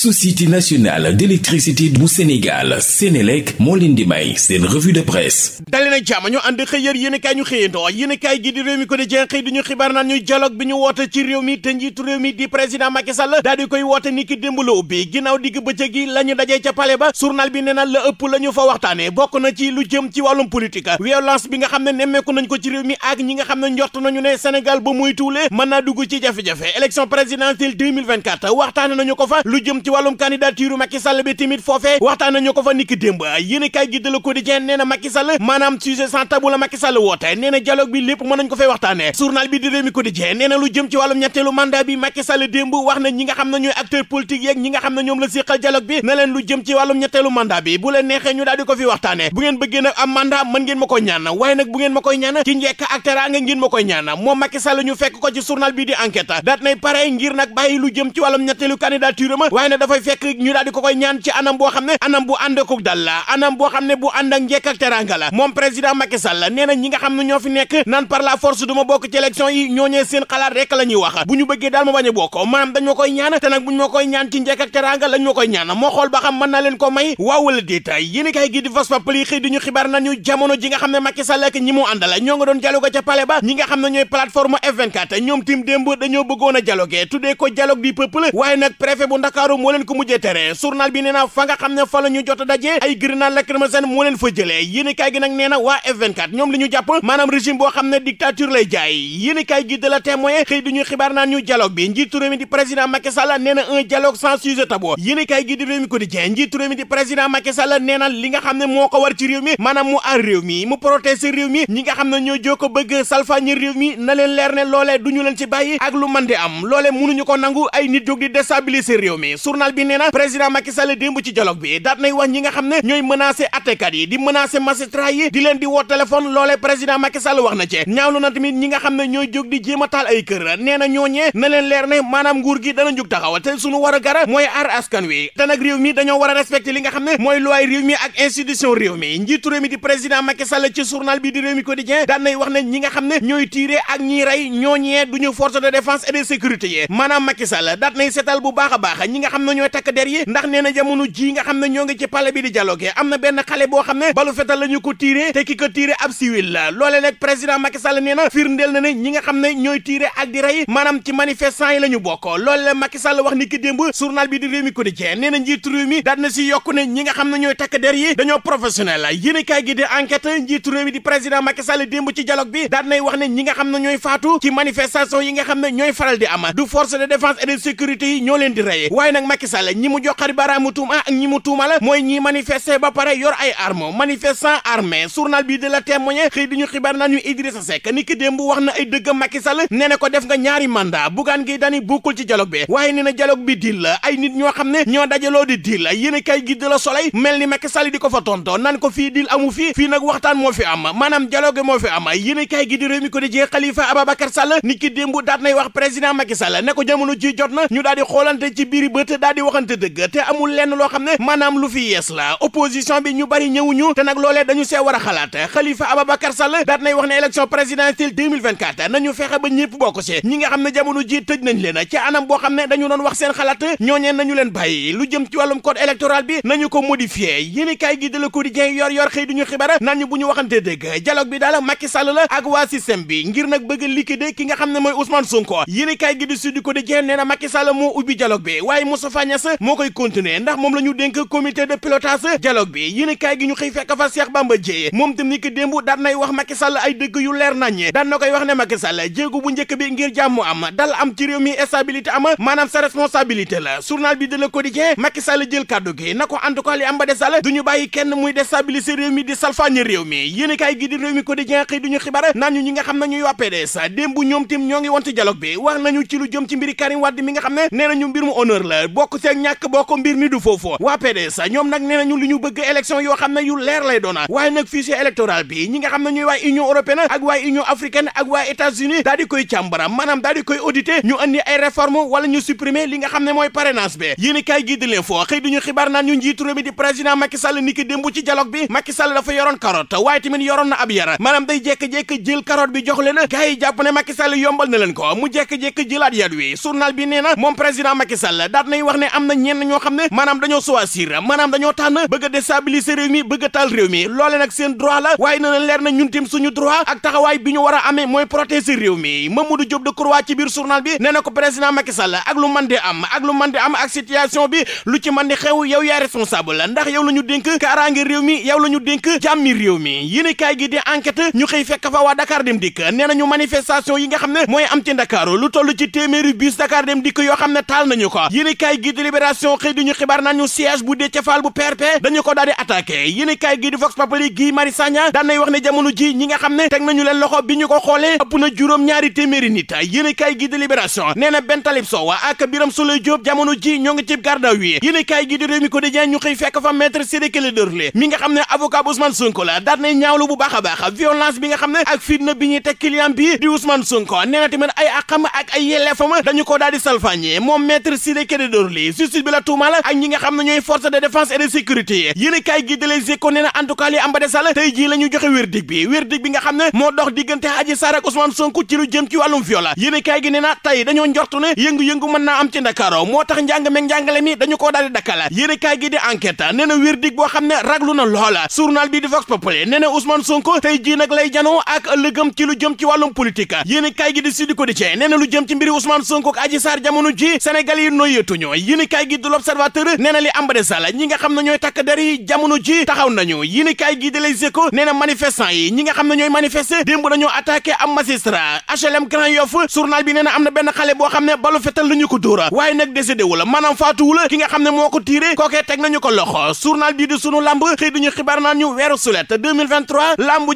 société nationale d'électricité bu Sénégal Sénélec moo leen di may seen revue de presse dali na jàmm ñu ànd xëy yar yéenekaay ñu xëyandoo yéenekaay gi di réew mi ko di jenxëy di ñu xibaar naan ñu dialogue bi ñu woote ci réew mi te njiitu réew mi di président Macky Sall koy woote ni démb la ubbi ginnaaw digg bëccëg gi la dajee ca palais ba journal bi nee na la ëpp la ñu fa waxtaane bokk na ci lu jëm ci wàllum politique violence bi nga xam ne nemmeeku nañ ko ci réew xam ne njort nañu ne Sénégal ba muy tuule mën naa dugg ci jafe-jafe élection présidentielle 2024 waxtaane ko ci wàllum candidature Macky Sall bi tamit foofee waxtaan nañu ko fa niki démb yéen kay gi de Le Quotidien nee na Macky Sall maanaam sujet sans tabou la Macky Sall woote nee na dialogue bi lépp mën nañu ko fay waxtaane journal bi di ko Quotidien nee na lu jëm ci wàllum ñetteelu mandat bi Macky Sall démb wax na ñi nga xam ne ñooy acteur politique yeeg ñi nga xam ne ñoom la séqal dialogue bi na leen lu jëm ci wàllum ñetteelu mandat bi bu la neexee ñu daal di ko fi waxtaane bu ngeen bëggee nag am mandat mën ngeen ma koy ñaan waaye nag bu ngeen koy ñaan ci njekk ak teraanga ngeen ma koy ñaan moom Macky Sall ñu fekk ko ci journal bi di ngir nag bàyyi lu jëm ci wàllum ñetteelu candidature ma dafay fekk ñu daal di ko koy ñaan ci anam boo xam ne anam bu ànd ak dal la anam boo xam ne bu ànd ak njekk ak teranga la moom président Macky Sall nee na ñi nga xam ne ñoo fi nekk naan par la force du ma bokk ci élection yi ñooñee seen xalaat rek la ñuy wax bu ñu bëggee daal ma bañ a bokk maanaam dañ ma koy ñaan te nag bu ñu ma koy ñaan ci njekk ak teranga lañ ma koy ñaan moo xool ba xam mën naa leen ko may waaw wala déet yéen kay gi di Vox Populi xëy di ñu xibaar nañu jamono ji nga xam ne Macky Sall ak ñi mu àndal ñoo nga doon dialogue ca palais ba ñi nga xam ne ñooy plateforme F24 ñoom tim démb dañoo bëggoon a dialogue tuddee ko dialogue du peuple waaye nag préfet bu Ndakaaru moo leen ko mujjee tere journal bi nee na fa nga xam ne fa la ñu jot a dajee ay grenade lacrymogène moo leen fa jëlee yéenekaay gi nag nee waa F24 ñoom li ñu jàpp maanaam régime boo xam ne dictature lay jaay yéenekaay gi de la témoin xëy ñu xibaar naan ñu dialogue di président Macky Sall nee na un dialogue sans sujet tabou yéenekaay gi di réew mi quotidien di président Macky Sall nee na xam ne moo ko war ci réew mu aar mi mu protéger réew mi ñi nga xam ne ñoo na leen leer ne loolee duñu leen ci bàyyi journal bi nee na président Macky Sall démb ci dialogue bi daat nay wax ñi nga xam ne ñooy menacé attekat yi di menacé magistrat yi di leen di woo téléphone loolee président Macky Sall wax na ci ñaawlu na ñi nga xam ne ñooy jóg di jéem a taal ay kër nee na ñooñee na leen leer ne maanaam nguur gi dana jóg taxaw te suñu war a gara mooy aar askan wi te réew mi dañoo war a li nga xam ne mooy loi réew mi ak institution réew mi njiitu réew mi di président ne ñooy takk der yi ndax jamono ji nga xam ne ñoo ngi ci palais bi di dialogue am na benn xale boo xam ñi nga xam ne ñooy tiire ak di rey maanaam la ñu bokk loolu la Macky Sall wax ni ki démb journal bi di réew mi na njiitu réew mi daal na si yokku ne ñi nga xam ne ñooy takk der yi dañoo professionnel la yéen kaay gi di enquête njiitu réew mi di président Macky démb ci dialogue bi daal wax ne ñi nga xam ne ñooy faatu ci manifestation yi nga xam ne ñooy faral di ama du force de défense et de sécurité yi ñoo leen di rey waaye nag Macky Sall ñi mu a baraamu tuuma a ñi mu tuuma la mooy ñi manifester ba pare yor ay armes manifestant armé journal bi de la témoigner xëy di ñu xibaar naa ñu Idrissa Seck ni ki démb wax na ay dëgg Macky Sall ko def nga ñaari mandat Bougane Gueye Dany ci dialogue bi waaye na dialogue bi dil ay nit ñoo xam ne ñoo dajaloo di dil a kay gi de mel ni Macky di ko fa tonto nan ko fii dil amu fii fii nag waxtaan moo fi am maanaam dialogue moo a daal di waxante dëgg te amul lenn loo xam ne maanaam lu fi yees la opposition bi ñu bari ñëwuñu te nag loolee dañu see war a xalaat Khalifa Ababacar Sall daat nay wax ne élection présidentielle 2024 nañu fexe ba ñëpp bokk ci ñi nga xam ne jamono ji tëj nañ leen ci anam boo xam ne dañu doon wax seen xalaat ñooñeen nañu leen bàyyi lu jëm ci wàllum code électoral bi nañu ko modifié yéen kaay gi de Le Quotidien yor yor xëy duñu xibaar naan bu ñu waxante nag bëgg a ki nga xam ne mooy Ousmane Sonko yéen kaay bi waaye Moustapha Niass moo koy continuer ndax moom la ñu dénk comité de pilotage dialogue bi yéen kaay gi ñu xëy fekk fa Cheikh Bamba Dièye moom tam ni ki démb daan nay wax Macky Sall ay dëgg yu leer nañ daan na koy wax ne Macky Sall jéego bu njëkk bi ngir jàmm am dal am ci réew mi stabilité am maanaam sa responsabilité la journal bi de Le Quotidien Macky Sall jël kàddu gi na ko en tout cas li am ba desal du ñu bàyyi kenn muy déstabiliser réew mi di salfaañi réew mi yéen kaay gi di réew mi Quotidien xëy duñu xibaar naan ñu ñi nga xam ne ñuy waa PDS démb ñoom tim ñoo ngi won ci dialogue bi wax nañu ci lu jëm ci mbiri Karim Wade mi nga xam ne nee nañu mbir mu honneur la bokk ca ñàkk bokk mbir mi du foofu waa PDS ñoom nag nee nañu li ñu bëgg élection yoo xam ne yu leer lay doona waaye nag fichier électoral bi ñi nga xam ne ñooy waa union européenne ak waa union africaine ak waa états-unis daal di koy càmbara maanaam ñu andi ay réforme wala ñu supprimer li nga xam ne mooy parrainage bi yéen kaay gi di leen foo xëy duñu xibaar naan ñu njiitu mi di président Macky Sall niki démb ci dialogue bi Macky Sall dafa yoroon carotte wax ne am na ñoo xam ne maanaam dañoo choisir maanaam dañoo tànn bëgg a déstabiliser réew mi bëgg a taal réew mi loole nag seen droit la waaye na na leer na ñun tim suñu droit ak taxawaay bi ñu war a amee mooy protéger réew mi Mamadou Diop Decroix ci biir journal bi nee ko président Macky Sall ak lu mën di am ak lu bi lu ci mën di xew yow yaa responsable la ndax yow la ñu dénk kaaraange réew mi yow la ñu dénk jàmmi réew mi yéen kaay gi di enquête ñu xëy fekk fa yi nga xam ne mooy am ci Dakar lu toll ci téeméeri bus Dakar dem dikk yoo xam ne taal nañu ko gii di libération xëy di ñu xibaar naan ñu siège bu Déthié Fall bu PRP dañu ko daal di attaqué yéen kaay gii di Vox Populi gii Mari Sagna daan nay wax ne jamono ji ñi nga xam ne teg nañu leen loxo bi ñu ko xoolee ëpp na juróom ñaari téeméeri nit yéen kaay gii di libération nee na Ben Talib Sow ak Biram Souleye Diop jamono ji ñoo ngi ci garde à vue yéen kaay gii di Rewmi Quotidien ñu xëy fekk fa maître Ciré Clédor Ly mi nga xam ne avocat bu Ousmane Sonko la daan nay ñaawlu bu ba a baax violence bi nga xam ne ak fitna bi ñuy teg client bi di Ousmane Sonko nee na tamit ay àqam ak ay yelleefam dañu ko daal di salfaañe moom maître Ciré Clédor li justice bi la tuumaal ak ñi nga xam ne ñooy force de défense et de sécurité yéen a kaay gi de Les Échos nee na en tout cas tey jii la ñu joxe verdict bi verdict bi nga xam ne moo dox diggante Adji Sarr ak Ousmane Sonko ci lu jëm ci wàllum viol yéen a kaay gi nee na tey dañoo njortu ne yëngu-yëngu mën naa am ci Ndakaaru moo tax njàng meeg njàngale mi dañu koo daal di dakkal yéen a kaay gi di enquête nee na verdict boo xam ne raglu na loola journal bi di Vox Populi nee na Ousmane jii nag lay janoo ak ëllëgëm ci lu jëm ci wàllum politique a gi di Sud Quotidien nee jëm ci mbiri Ousmane Sonko ak Adji Sarr jamono ji Sénégal yéenekaay gi di L'Observateur nee na li am ba des la ñi nga xam ne ñooy takk der yi jamono ji taxaw nañu yéenekaay gi di Les Échos nee na manifestant yi ñi xam ne ñooy manifester démb dañoo attaqué am magistrat HLM Grand Yoff journal bi nee am na benn xale boo xam ne balu fetal la ñu ko dóora waaye nag décédé wu la maanaam faatuwu la ki nga xam ne moo ko tiire kookee teg nañu ko loxo journal bi di sunu lamb xëy duñu xibaar naan ñu weeru sulet 2023 lamb